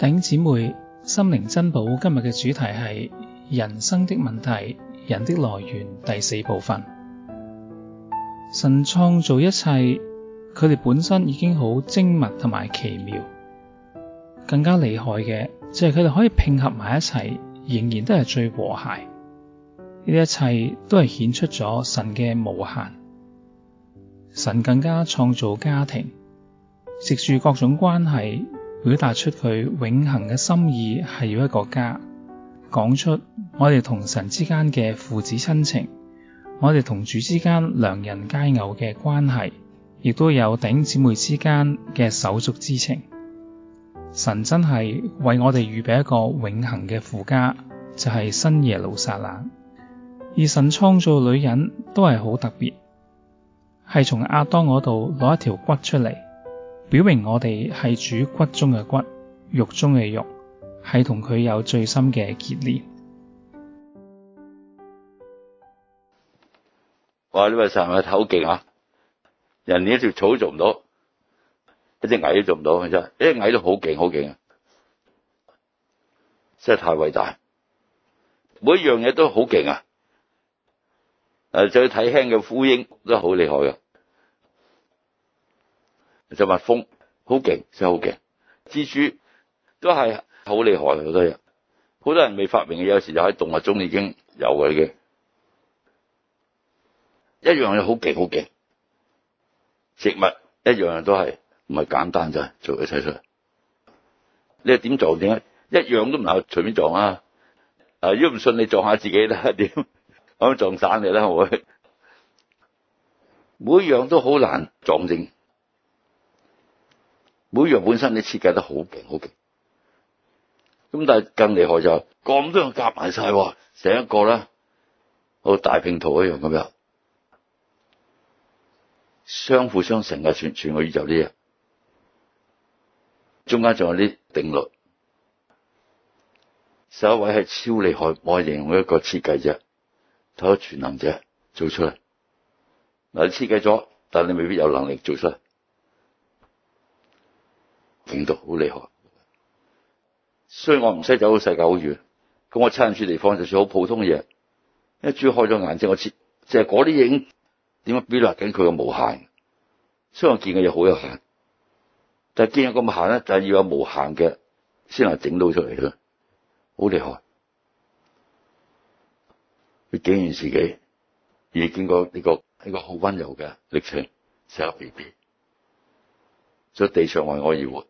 頂姊妹心靈珍寶，今日嘅主題係人生的問題，人的來源第四部分。神創造一切，佢哋本身已經好精密同埋奇妙，更加厲害嘅，就係佢哋可以拼合埋一齊，仍然都係最和諧。呢一切都係顯出咗神嘅無限。神更加創造家庭，藉住各種關係。表達出佢永恆嘅心意，係要一個家；講出我哋同神之間嘅父子親情，我哋同主之間良人佳偶嘅關係，亦都有頂姊妹之間嘅手足之情。神真係為我哋預備一個永恆嘅父家，就係、是、新耶路撒冷。而神創造女人都係好特別，係從亞當嗰度攞一條骨出嚟。表明我哋係主骨中嘅骨、肉中嘅肉，係同佢有最深嘅結連。哇！呢位神嘅好勁啊，人連一條草都做唔到，一隻蟻都做唔到，真一隻蟻都好勁，好勁啊！真係太偉大，每一樣嘢都好勁啊！誒，最睇輕嘅烏蠅都好厲害啊！就蜜蜂好勁，真係好勁。蜘蛛都係好厲害，好多嘢。好多人未發明嘅，有時就喺動物中已經有嘅嘅。一樣嘢好勁，好勁。植物一樣都係唔係簡單，就係做佢切出嚟。你又點撞點？一樣都唔係隨便撞啊！啊，如果唔信，你撞下自己啦，點咁樣我撞散你啦，會每一樣都好難撞正。每樣本身你設計得好勁，好勁。咁但係更厲害就咁都樣夾埋晒，成一個咧，好大拼圖一樣咁樣，相輔相成嘅，全全個宇宙啲嘢，中間仲有啲定律。首一位係超厲害，我形容一個設計啫。睇下全能者做出嚟。嗱，你設計咗，但係你未必有能力做出嚟。好厲害,害，所以我唔使走到世界好遠，咁我身處地方就算好普通嘅嘢，一只要開咗眼睛，我知淨係嗰啲影，點樣表達緊佢嘅無限？所以我見嘅嘢好有限，但係見個無限咧，就係要有無限嘅先能整到出嚟嘅，好厲害。佢竟然自己而見過呢個呢個好温柔嘅歷程，生個 BB 所以地上為我而活。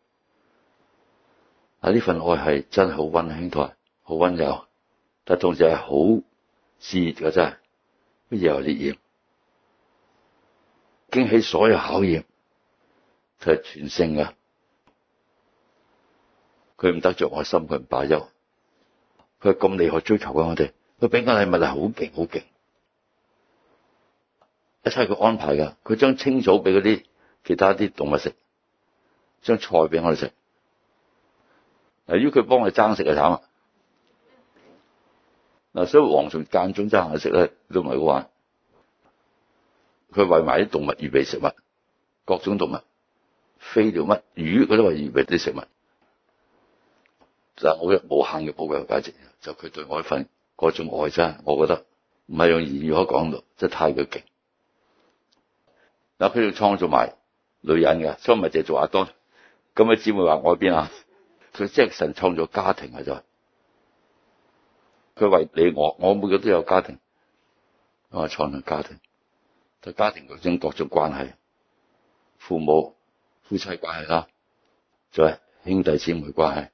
啊！呢份愛係真係好溫馨台，台好溫柔，但同時係好炙熱嘅真，乜嘢都烈焰，經起所有考驗，佢係全勝嘅。佢唔得着我心，佢唔罷休，佢係咁厲害追求緊我哋，佢俾緊禮物係好勁，好勁，一切佢安排嘅。佢將青草俾嗰啲其他啲動物食，將菜俾我哋食。由要佢幫佢爭食嘅慘啦！嗱，所以黃熊間中爭下食咧，都唔係好玩。佢為埋啲動物預備食物，各種動物，飛條乜魚，佢都話預備啲食物，就係我嘅無限嘅寶貴價值。就佢對我一份各種愛真係，我覺得唔係用言語可以講到，真係太過勁。嗱，佢要創造埋女人嘅，所以咪就係做阿當咁嘅姊妹話我喺邊啊！佢即係神創造家庭啊！就係佢為你我，我每個都有家庭。我創造家庭，就家庭當中各種關係，父母夫妻關係啦，就係兄弟姊妹關係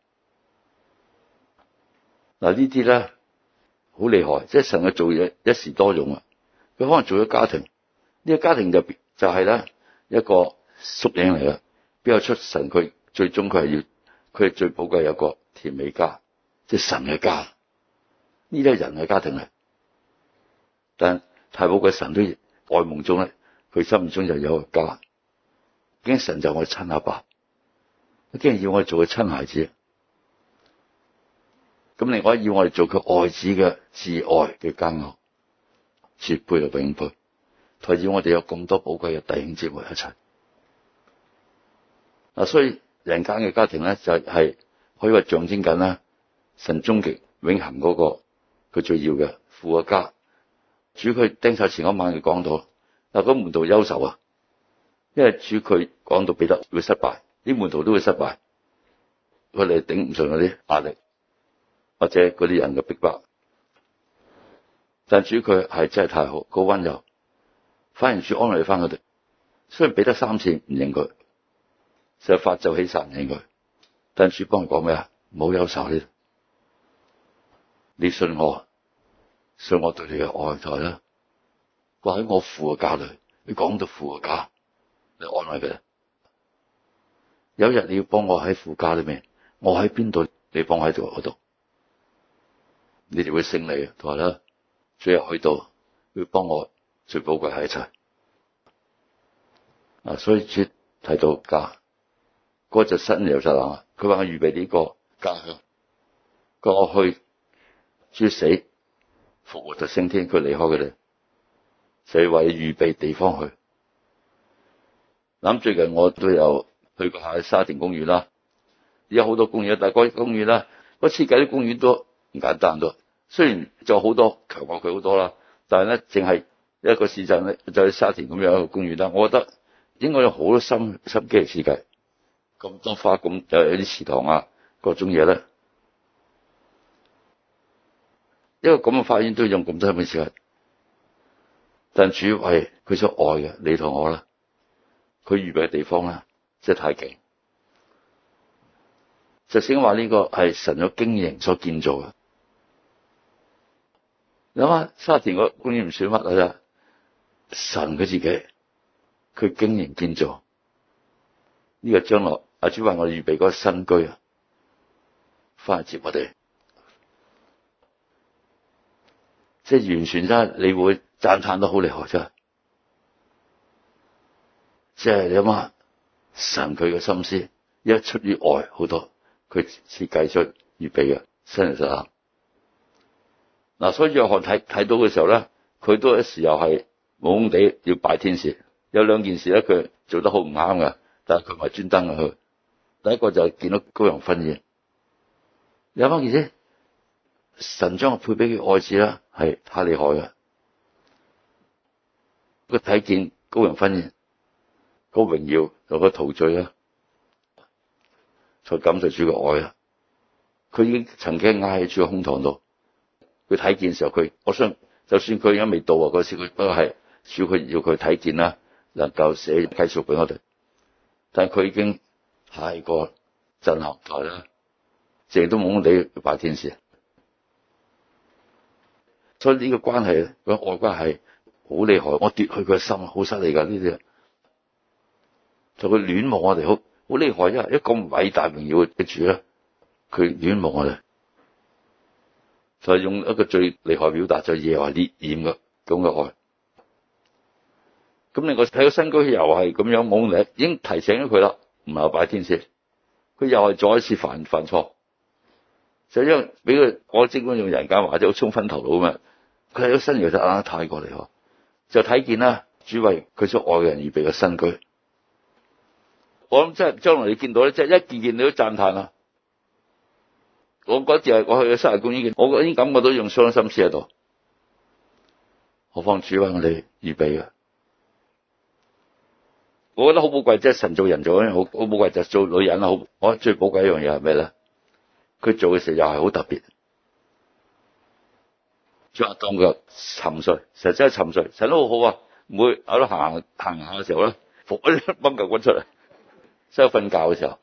嗱呢啲咧，好厲害！即係神嘅做嘢一時多用啊！佢可能做咗家庭呢、呢個家庭入邊就係咧一個縮影嚟嘅，邊有出神佢最終佢係要。佢最寶貴有個甜美家，即係神嘅家，呢啲係人嘅家庭嚟，但太寶貴，神都愛夢中咧，佢心目中就有個家。竟神就我親阿爸、爸，竟要我們做佢親孩子，咁另外要我哋做佢愛子嘅摯愛嘅家屋，絕杯又永杯，托住我哋有咁多寶貴嘅弟兄姊妹一齊啊！所以。人間嘅家庭咧，就係可以話象徵緊啦，神終極永恒嗰個佢最要嘅父嘅家。主佢叮晒前嗰晚嘅講道，嗱，咁門徒憂愁啊，因為主佢講到彼得會失敗，啲門徒都會失敗，佢哋頂唔順嗰啲壓力，或者嗰啲人嘅逼迫。但主佢係真係太好，好溫柔，反而主安慰返佢哋，雖然彼得三次唔認佢。想發就起神人佢，但主幫你講咩啊？冇憂愁，你，你信我，信我對你嘅愛才啦。話、就、喺、是、我父嘅家裏，你講到父嘅家，你安慰佢。有日你要幫我喺父家裏面，我喺邊度，你幫我喺度嗰度，你哋會勝利。同埋啦，最後去到，要幫我最寶貴喺一齊。啊，所以主提到家。嗰就新油有就啦。佢話：預備呢個家鄉過去死，主死復活就升天。佢離開佢哋，所以話要預備地方去。諗最近我都有去過下沙田公園啦。而家好多公園，但係嗰啲公園啦，嗰設計啲公園都唔簡單都。雖然就好多強過佢好多啦，但係咧，淨係一個市鎮咧，就係、是、沙田咁樣的一個公園啦。我覺得應該有好多心,心機嚟設計。咁多花，咁又有啲池塘啊，各種嘢咧。一個咁嘅花園都要用咁多嘅時間，但主要係佢所愛嘅，你同我啦，佢預備嘅地方啦，真係太勁。就先話呢個係神嘅經營、所建造嘅。諗下沙田個公園唔算乜嘅咋，神佢自己，佢經營建造呢個將來。阿主話：我預備嗰個新居啊，翻嚟接我哋，即係完全真係你會讚嘆得好厲害啫！即係你諗下神佢嘅心思，一出於外好多佢設計出預備嘅，新人實吓嗱。所以約翰睇，睇到嘅時候咧，佢都一時又係懵懵地要拜天使。有兩件事咧，佢做得好唔啱㗎。但係佢唔係專登去。第一個就見到羔羊婚宴，有翻件事，神將配俾佢愛子啦，係太厲害嘅。佢睇見羔羊婚宴，高榮耀有個陶醉啦，才感受主嘅愛啦。佢已經曾經挨喺主嘅胸膛度，佢睇見嘅時候，佢我想，就算佢而家未到啊，嗰時佢不過係主佢要佢睇見啦，能夠寫喺書本俾我哋，但佢已經。太過震撼台啦，成日都懵懵地拜天師，所以呢個關係咧個外關係好厲害，我奪去佢心，好犀利噶呢啲，就佢戀慕我哋，好好厲害啊！因為一個咁偉大榮耀嘅主咧，佢戀慕我哋，就用一個最厲害表達，就係、耶和華烈焰嘅咁嘅愛。咁另外睇到身高又係咁樣懵嘅，已經提醒咗佢啦。唔係拜天使，佢又係再一次犯犯錯，就因為俾佢我職官用人間話者，好沖昏頭腦啊嘛。佢喺新約就啱太過厲害，就睇見啦，主為佢所愛嘅人預備嘅新居。我諗真係將來你見到咧，真係一件件你都讚嘆啦。我嗰次係我去嘅新約公園，我已經感覺到用傷心思喺度。何況主為我哋預備啊！我覺得好寶貴，即係神做人做一樣好，好寶貴就是、做女人啦。好，我最寶貴一樣嘢係咩咧？佢做嘅時候又係好特別，仲話當佢沉睡，實際係沉睡，沉得好好啊。每喺度行行下嘅時候咧，伏一粒骨嚿骨出嚟，即係瞓覺嘅時候。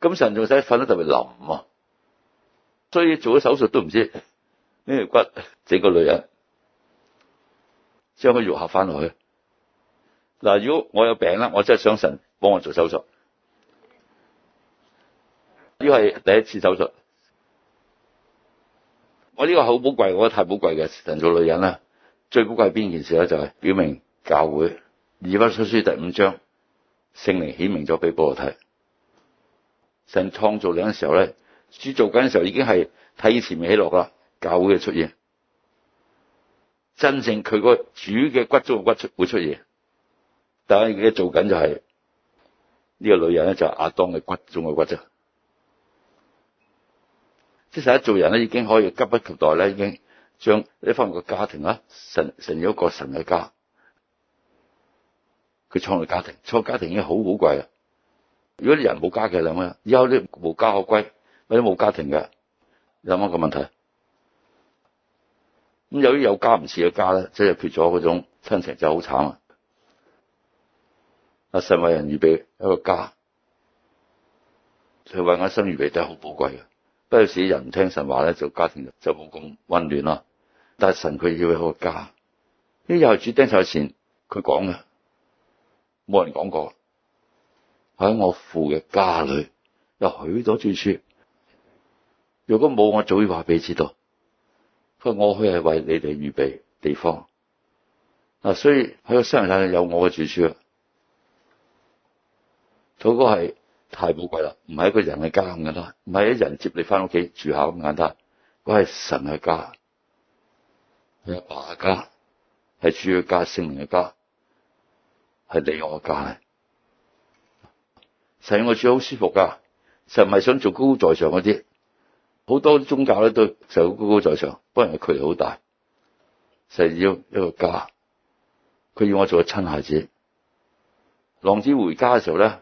咁神仲使瞓得特別腍啊，所以做咗手術都唔知呢條、這個、骨整個女人將個肉合翻落去。嗱，如果我有病啦，我真係想神幫我做手術。呢係第一次手術。我呢個好寶貴，我覺得太寶貴嘅。神做女人咧，最寶貴係邊件事咧？就係、是、表明教會，以弗所書第五章，聖靈顯明咗俾保羅睇。神創造你嘅時候咧，主做緊嘅時候已經係睇前面起落啦。教會嘅出現，真正佢個主嘅骨中嘅骨出會出現。但係佢一做緊就係呢個女人咧，就係阿當嘅骨中嘅骨啫，即係實一做人咧已經可以急不及待咧，已經將呢返個家庭啊成成咗個神嘅家。佢創嘅家庭，創家，家，家庭已經好好貴啊！如果啲人冇家嘅咧咁啊，以後啲無家可歸，或者冇家庭嘅，有冇個問題？咁有啲有家唔似嘅家咧，即係缺咗嗰種親情就好慘啊！阿神為人預備一個家，佢為我生預備都係好寶貴嘅。不過有時人聽聽神話咧，就家庭就冇咁溫暖啦。但係神佢要一個家。呢又係主釘手前，佢講嘅，冇人講過。喺我父嘅家裏有許多住處。如果冇，我早已話俾你知道。佢我去係為你哋預備地方。所以喺個新人大有我嘅住處嗰個係太寶貴啦，唔係一個人嘅家咁簡單，唔係一人接你翻屋企住下咁簡單。嗰係神嘅家，係阿爸嘅家，係主嘅家，聖靈嘅家，係你我嘅家。使我住好舒服㗎。就唔係想做高高在上嗰啲，好多宗教咧都就高高在上，不過人嘅距離好大。成係要一個家，佢要我做個親孩子。浪子回家嘅時候咧。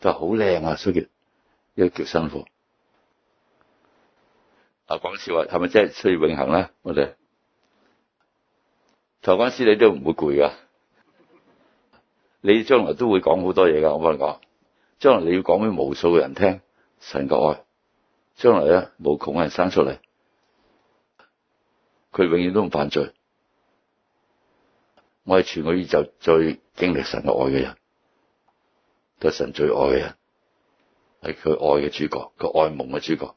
就好靚啊！所以一叫辛苦啊！講笑話，係咪真係需要永恒咧？我哋台灣師弟都唔會攰噶，你將來都會講好多嘢噶。我幫你講，將來你要講俾無數嘅人聽神嘅愛，將來咧無窮人生出嚟，佢永遠都唔犯罪。我係全個宇宙最經歷神嘅愛嘅人。係神最愛嘅人，係佢愛嘅主角，佢愛夢嘅主角。